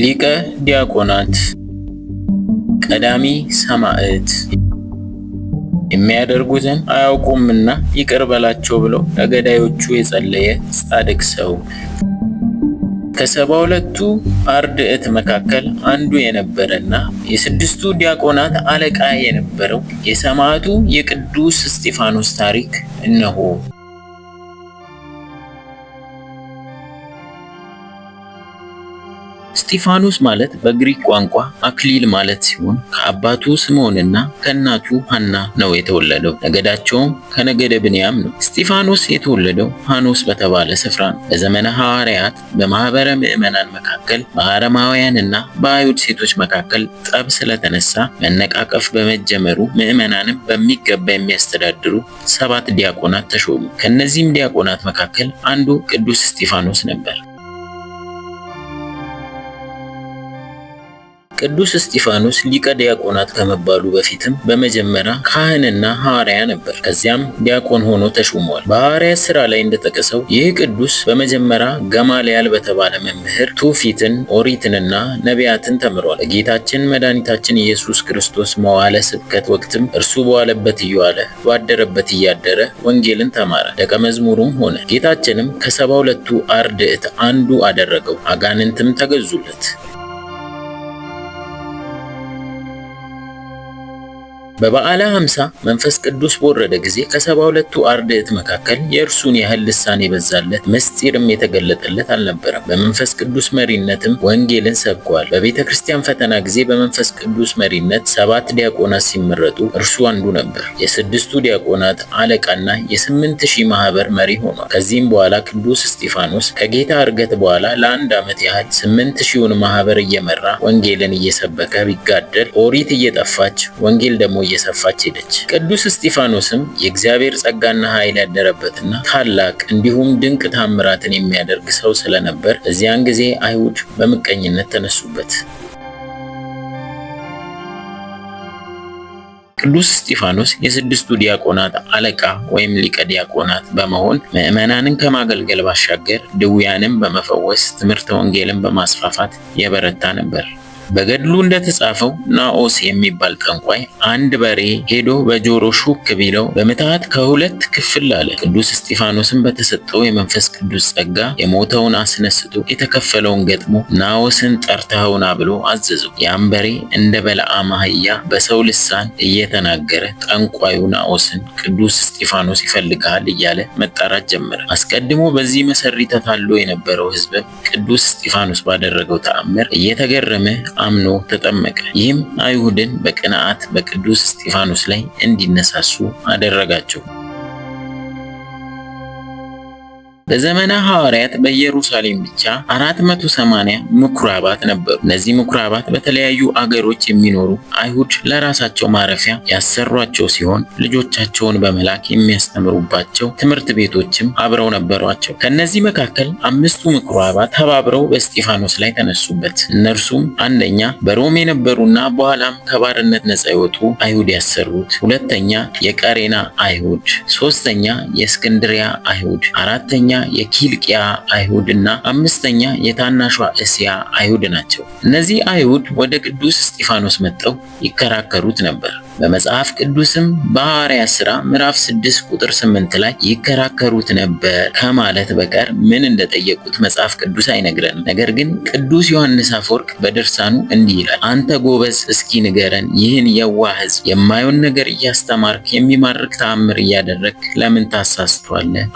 ሊቀ ዲያቆናት ቀዳሚ ሰማዕት የሚያደርጉትን አያውቁምና ይቅር በላቸው ብለው ለገዳዮቹ የጸለየ ጻድቅ ሰው። ከሰባ ሁለቱ አርድዕት መካከል አንዱ የነበረና የስድስቱ ዲያቆናት አለቃ የነበረው የሰማዕቱ የቅዱስ እስጢፋኖስ ታሪክ እነሆ። እስጢፋኖስ ማለት በግሪክ ቋንቋ አክሊል ማለት ሲሆን ከአባቱ ስምዖንና ከእናቱ ሐና ነው የተወለደው። ነገዳቸውም ከነገደ ብንያም ነው። እስጢፋኖስ የተወለደው ሐኖስ በተባለ ስፍራ ነው። በዘመነ ሐዋርያት በማኅበረ ምዕመናን መካከል፣ በአረማውያንና በአይሁድ ሴቶች መካከል ጠብ ስለተነሳ መነቃቀፍ በመጀመሩ ምዕመናንም በሚገባ የሚያስተዳድሩ ሰባት ዲያቆናት ተሾሙ። ከእነዚህም ዲያቆናት መካከል አንዱ ቅዱስ እስጢፋኖስ ነበር። ቅዱስ እስጢፋኖስ ሊቀ ዲያቆናት ከመባሉ በፊትም በመጀመሪያ ካህንና ሐዋርያ ነበር። ከዚያም ዲያቆን ሆኖ ተሹሟል። በሐዋርያ ሥራ ላይ እንደጠቀሰው ይህ ቅዱስ በመጀመሪያ ገማልያል በተባለ መምህር ትውፊትን፣ ኦሪትንና ነቢያትን ተምሯል። በጌታችን መድኃኒታችን ኢየሱስ ክርስቶስ መዋለ ስብከት ወቅትም እርሱ በዋለበት እየዋለ ባደረበት እያደረ ወንጌልን ተማረ፣ ደቀ መዝሙሩም ሆነ። ጌታችንም ከሰባ ሁለቱ አርድእት አንዱ አደረገው፣ አጋንንትም ተገዙለት። በበዓለ ሀምሳ መንፈስ ቅዱስ በወረደ ጊዜ ከሰባ ሁለቱ አርድእት መካከል የእርሱን ያህል ልሳን የበዛለት ምስጢርም የተገለጠለት አልነበረም። በመንፈስ ቅዱስ መሪነትም ወንጌልን ሰብከዋል። በቤተ ክርስቲያን ፈተና ጊዜ በመንፈስ ቅዱስ መሪነት ሰባት ዲያቆናት ሲመረጡ እርሱ አንዱ ነበር። የስድስቱ ዲያቆናት አለቃና የስምንት ሺህ ማህበር መሪ ሆኗል። ከዚህም በኋላ ቅዱስ እስጢፋኖስ ከጌታ እርገት በኋላ ለአንድ ዓመት ያህል ስምንት ሺውን ማህበር እየመራ ወንጌልን እየሰበከ ቢጋደል ኦሪት እየጠፋች ወንጌል ደግሞ እየሰፋች ሄደች። ቅዱስ እስጢፋኖስም የእግዚአብሔር ጸጋና ኃይል ያደረበትና ታላቅ እንዲሁም ድንቅ ታምራትን የሚያደርግ ሰው ስለነበር እዚያን ጊዜ አይሁድ በምቀኝነት ተነሱበት። ቅዱስ እስጢፋኖስ የስድስቱ ዲያቆናት አለቃ ወይም ሊቀ ዲያቆናት በመሆን ምዕመናንን ከማገልገል ባሻገር ድውያንን በመፈወስ ትምህርተ ወንጌልን በማስፋፋት የበረታ ነበር። በገድሉ እንደተጻፈው ናኦስ የሚባል ጠንቋይ አንድ በሬ ሄዶ በጆሮ ሹክ ቢለው በምትሃት ከሁለት ክፍል አለ። ቅዱስ እስጢፋኖስን በተሰጠው የመንፈስ ቅዱስ ጸጋ የሞተውን አስነስቶ የተከፈለውን ገጥሞ ናኦስን ጠርተኸውና ብሎ አዘዘው። ያም በሬ እንደ በለዓም አህያ በሰው ልሳን እየተናገረ ጠንቋዩ ናኦስን ቅዱስ እስጢፋኖስ ይፈልግሃል እያለ መጣራት ጀመረ። አስቀድሞ በዚህ መሰሪ ተታሎ የነበረው ሕዝብ ቅዱስ እስጢፋኖስ ባደረገው ተአምር እየተገረመ አምኖ ተጠመቀ። ይህም አይሁድን በቅንዓት በቅዱስ እስጢፋኖስ ላይ እንዲነሳሱ አደረጋቸው። በዘመነ ሐዋርያት በኢየሩሳሌም ብቻ 480 ምኩራባት ነበሩ። እነዚህ ምኩራባት በተለያዩ አገሮች የሚኖሩ አይሁድ ለራሳቸው ማረፊያ ያሰሯቸው ሲሆን ልጆቻቸውን በመላክ የሚያስተምሩባቸው ትምህርት ቤቶችም አብረው ነበሯቸው። ከእነዚህ መካከል አምስቱ ምኩራባት ተባብረው በእስጢፋኖስ ላይ ተነሱበት። እነርሱም አንደኛ በሮም የነበሩና በኋላም ከባርነት ነጻ የወጡ አይሁድ ያሰሩት፣ ሁለተኛ የቀሬና አይሁድ፣ ሶስተኛ የእስክንድሪያ አይሁድ፣ አራተኛ የኪልቅያ አይሁድ እና አምስተኛ የታናሿ እስያ አይሁድ ናቸው። እነዚህ አይሁድ ወደ ቅዱስ እስጢፋኖስ መጥተው ይከራከሩት ነበር። በመጽሐፍ ቅዱስም በሐዋርያ ሥራ ምዕራፍ 6 ቁጥር 8 ላይ ይከራከሩት ነበር ከማለት በቀር ምን እንደጠየቁት መጽሐፍ ቅዱስ አይነግረንም። ነገር ግን ቅዱስ ዮሐንስ አፈወርቅ በድርሳኑ እንዲህ ይላል፣ አንተ ጎበዝ እስኪ ንገረን፣ ይህን የዋህ ሕዝብ የማየውን ነገር እያስተማርክ የሚማርክ ተአምር እያደረግ ለምን ታሳስቷለ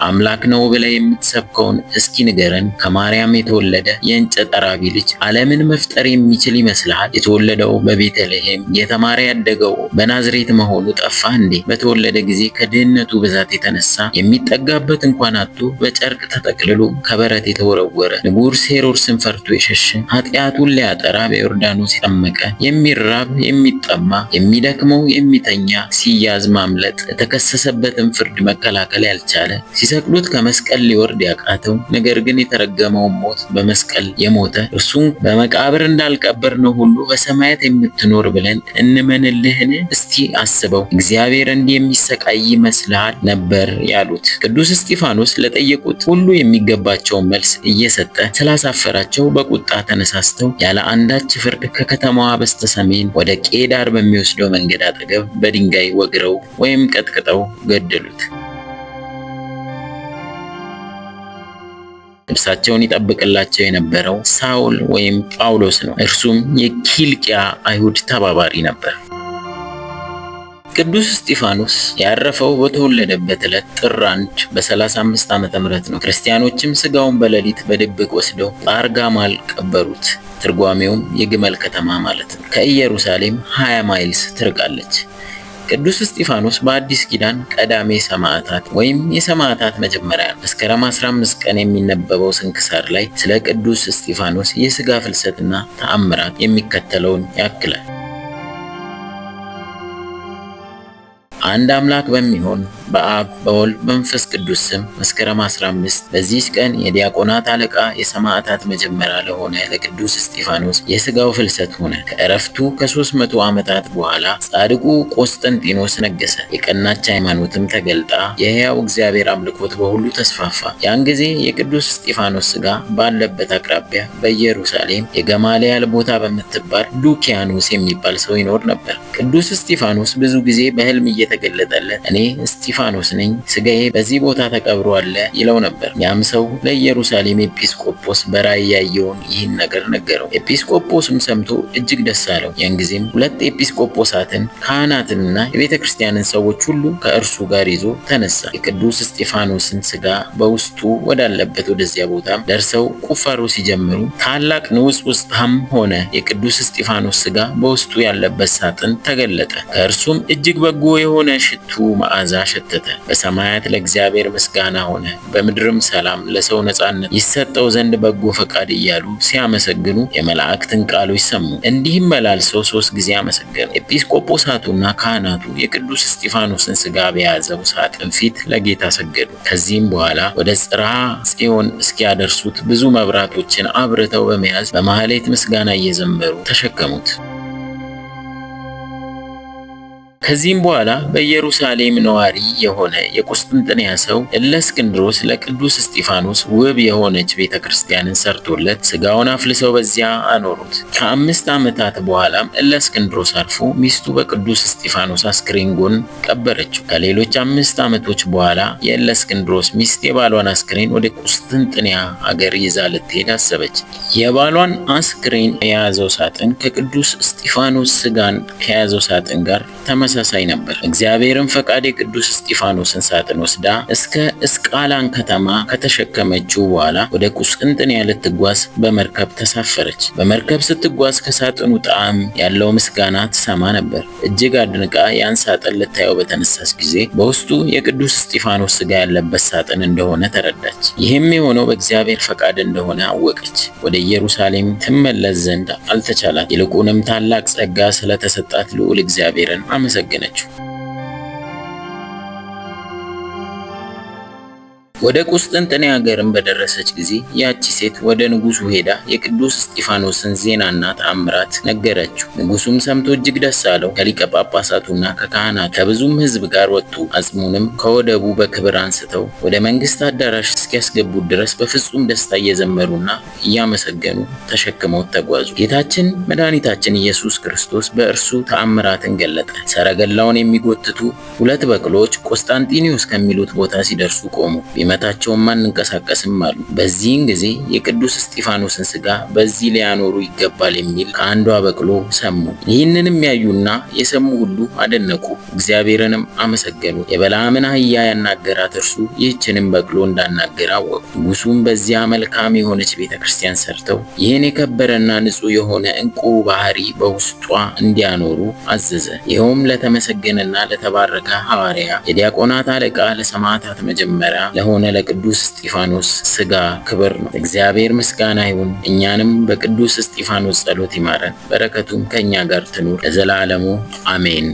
አምላክ ነው ብለህ የምትሰብከውን እስኪ ንገረን። ከማርያም የተወለደ የእንጨት ጠራቢ ልጅ ዓለምን መፍጠር የሚችል ይመስልሃል? የተወለደው በቤተልሔም የተማረ ያደገው በና ናዝሬት መሆኑ ጠፋ እንዴ? በተወለደ ጊዜ ከድህነቱ ብዛት የተነሳ የሚጠጋበት እንኳን አጥቶ በጨርቅ ተጠቅልሎ ከበረት የተወረወረ ንጉሥ ሄሮድስን ፈርቶ የሸሸ ኃጢአቱን ሊያጠራ በዮርዳኖስ የጠመቀ የሚራብ የሚጠማ የሚደክመው የሚተኛ ሲያዝ ማምለጥ የተከሰሰበትን ፍርድ መከላከል ያልቻለ ሲሰቅሉት ከመስቀል ሊወርድ ያቃተው ነገር ግን የተረገመውን ሞት በመስቀል የሞተ እርሱን በመቃብር እንዳልቀበር ነው ሁሉ በሰማያት የምትኖር ብለን እንመንልህን? እስቲ አስበው እግዚአብሔር እንዲህ የሚሰቃይ ይመስልሃል ነበር ያሉት ቅዱስ እስጢፋኖስ ለጠየቁት ሁሉ የሚገባቸውን መልስ እየሰጠ ስላሳፈራቸው በቁጣ ተነሳስተው ያለ አንዳች ፍርድ ከከተማዋ በስተሰሜን ወደ ቄዳር በሚወስደው መንገድ አጠገብ በድንጋይ ወግረው ወይም ቀጥቅጠው ገደሉት። ልብሳቸውን ይጠብቅላቸው የነበረው ሳውል ወይም ጳውሎስ ነው። እርሱም የኪልቅያ አይሁድ ተባባሪ ነበር። ቅዱስ እስጢፋኖስ ያረፈው በተወለደበት ዕለት ጥር 1 በ35 ዓ ም ነው። ክርስቲያኖችም ስጋውን በሌሊት በድብቅ ወስደው ጣርጋማል ቀበሩት። ትርጓሜውም የግመል ከተማ ማለት ነው። ከኢየሩሳሌም 20 ማይልስ ትርቃለች። ቅዱስ እስጢፋኖስ በአዲስ ኪዳን ቀዳሜ ሰማዕታት ወይም የሰማዕታት መጀመሪያ ነው። መስከረም 15 ቀን የሚነበበው ስንክሳር ላይ ስለ ቅዱስ እስጢፋኖስ የስጋ ፍልሰትና ተአምራት የሚከተለውን ያክላል። አንድ አምላክ በሚሆን በአብ በወልድ በመንፈስ ቅዱስ ስም መስከረም 15 በዚች ቀን የዲያቆናት አለቃ የሰማዕታት መጀመሪያ ለሆነ ለቅዱስ እስጢፋኖስ የስጋው ፍልሰት ሆነ። ከእረፍቱ ከ300 ዓመታት በኋላ ጻድቁ ቆስጠንጢኖስ ነገሰ። የቀናች ሃይማኖትም ተገልጣ የሕያው እግዚአብሔር አምልኮት በሁሉ ተስፋፋ። ያን ጊዜ የቅዱስ እስጢፋኖስ ስጋ ባለበት አቅራቢያ በኢየሩሳሌም የገማልያል ቦታ በምትባል ሉኪያኖስ የሚባል ሰው ይኖር ነበር። ቅዱስ እስጢፋኖስ ብዙ ጊዜ በህልም እየተገለጠለት እኔ እስጢፋኖስ ነኝ፣ ስጋዬ በዚህ ቦታ ተቀብሮ አለ ይለው ነበር። ያም ሰው ለኢየሩሳሌም ኤጲስቆጶስ በራእይ ያየውን ይህን ነገር ነገረው። ኤጲስቆጶስም ሰምቶ እጅግ ደስ አለው። ያን ጊዜም ሁለት ኤጲስቆጶሳትን ካህናትንና የቤተ ክርስቲያንን ሰዎች ሁሉ ከእርሱ ጋር ይዞ ተነሳ። የቅዱስ እስጢፋኖስን ስጋ በውስጡ ወዳለበት ወደዚያ ቦታም ደርሰው ቁፋሮ ሲጀምሩ ታላቅ ንውስ ውስጥም ሆነ የቅዱስ እስጢፋኖስ ስጋ በውስጡ ያለበት ሳጥን ተገለጠ። ከእርሱም እጅግ በጎ የሆነ ሽቱ መዓዛ ሸጠ። አመለከተ። በሰማያት ለእግዚአብሔር ምስጋና ሆነ፣ በምድርም ሰላም ለሰው ነጻነት ይሰጠው ዘንድ በጎ ፈቃድ እያሉ ሲያመሰግኑ የመላእክትን ቃሎች ሰሙ። እንዲህም መላልሰው ሶስት ጊዜ አመሰገኑ። ኤጲስቆጶሳቱና ካህናቱ የቅዱስ እስጢፋኖስን ስጋ በያዘው ሳጥን ፊት ለጌታ ሰገዱ። ከዚህም በኋላ ወደ ጽርሐ ጽዮን እስኪያደርሱት ብዙ መብራቶችን አብርተው በመያዝ በማህሌት ምስጋና እየዘመሩ ተሸከሙት። ከዚህም በኋላ በኢየሩሳሌም ነዋሪ የሆነ የቁስጥንጥንያ ሰው እለእስክንድሮስ ለቅዱስ እስጢፋኖስ ውብ የሆነች ቤተ ክርስቲያንን ሰርቶለት ስጋውን አፍልሰው በዚያ አኖሩት። ከአምስት ዓመታት በኋላም እለእስክንድሮስ አርፎ ሚስቱ በቅዱስ እስጢፋኖስ አስክሬን ጎን ቀበረችው። ከሌሎች አምስት ዓመቶች በኋላ የእለእስክንድሮስ ሚስት የባሏን አስክሬን ወደ ቁስጥንጥንያ አገር ይዛ ልትሄድ አሰበች። የባሏን አስክሬን የያዘው ሳጥን ከቅዱስ እስጢፋኖስ ስጋን ከያዘው ሳጥን ጋር ተመሳ ተመሳሳይ ነበር። እግዚአብሔርም ፈቃድ የቅዱስ እስጢፋኖስን ሳጥን ወስዳ እስከ እስቃላን ከተማ ከተሸከመችው በኋላ ወደ ቁስቅንጥን ልትጓዝ በመርከብ ተሳፈረች። በመርከብ ስትጓዝ ከሳጥኑ ጣዕም ያለው ምስጋና ትሰማ ነበር። እጅግ አድንቃ ያን ሳጥን ልታየው በተነሳች ጊዜ በውስጡ የቅዱስ እስጢፋኖስ ስጋ ያለበት ሳጥን እንደሆነ ተረዳች። ይህም የሆነው በእግዚአብሔር ፈቃድ እንደሆነ አወቀች። ወደ ኢየሩሳሌም ትመለስ ዘንድ አልተቻላት። ይልቁንም ታላቅ ጸጋ ስለተሰጣት ልዑል እግዚአብሔርን አመሰግ አመሰገነችው። ወደ ቁስጥንጥኔ ሀገርም በደረሰች ጊዜ ያቺ ሴት ወደ ንጉሱ ሄዳ የቅዱስ እስጢፋኖስን ዜናና ተአምራት ነገረችው። ንጉሱም ሰምቶ እጅግ ደስ አለው። ከሊቀ ጳጳሳቱና ከካህናቱ ከብዙም ሕዝብ ጋር ወጡ። አጽሙንም ከወደቡ በክብር አንስተው ወደ መንግስት አዳራሽ እስኪያስገቡት ድረስ በፍጹም ደስታ እየዘመሩና እያመሰገኑ ተሸክመውት ተጓዙ። ጌታችን መድኃኒታችን ኢየሱስ ክርስቶስ በእርሱ ተአምራትን ገለጠ። ሰረገላውን የሚጎትቱ ሁለት በቅሎች ቆስጣንጢኒዮስ ከሚሉት ቦታ ሲደርሱ ቆሙ። ቢመታቸውም አንንቀሳቀስም አሉ። በዚህን ጊዜ የቅዱስ እስጢፋኖስን ስጋ በዚህ ሊያኖሩ ይገባል የሚል ከአንዷ በቅሎ ሰሙ። ይህንንም ያዩና የሰሙ ሁሉ አደነቁ፣ እግዚአብሔርንም አመሰገኑ። የበላምን አህያ ያናገራት እርሱ ይህችንም በቅሎ እንዳናገ ችግር አወቁ። ንጉሱም በዚያ መልካም የሆነች ቤተ ክርስቲያን ሰርተው ይህን የከበረና ንጹህ የሆነ እንቁ ባህሪ በውስጧ እንዲያኖሩ አዘዘ። ይኸውም ለተመሰገነና ለተባረከ ሐዋርያ የዲያቆናት አለቃ ለሰማዕታት መጀመሪያ ለሆነ ለቅዱስ እስጢፋኖስ ስጋ ክብር ነው። እግዚአብሔር ምስጋና ይሁን። እኛንም በቅዱስ እስጢፋኖስ ጸሎት ይማረን፣ በረከቱም ከእኛ ጋር ትኑር ለዘላለሙ አሜን።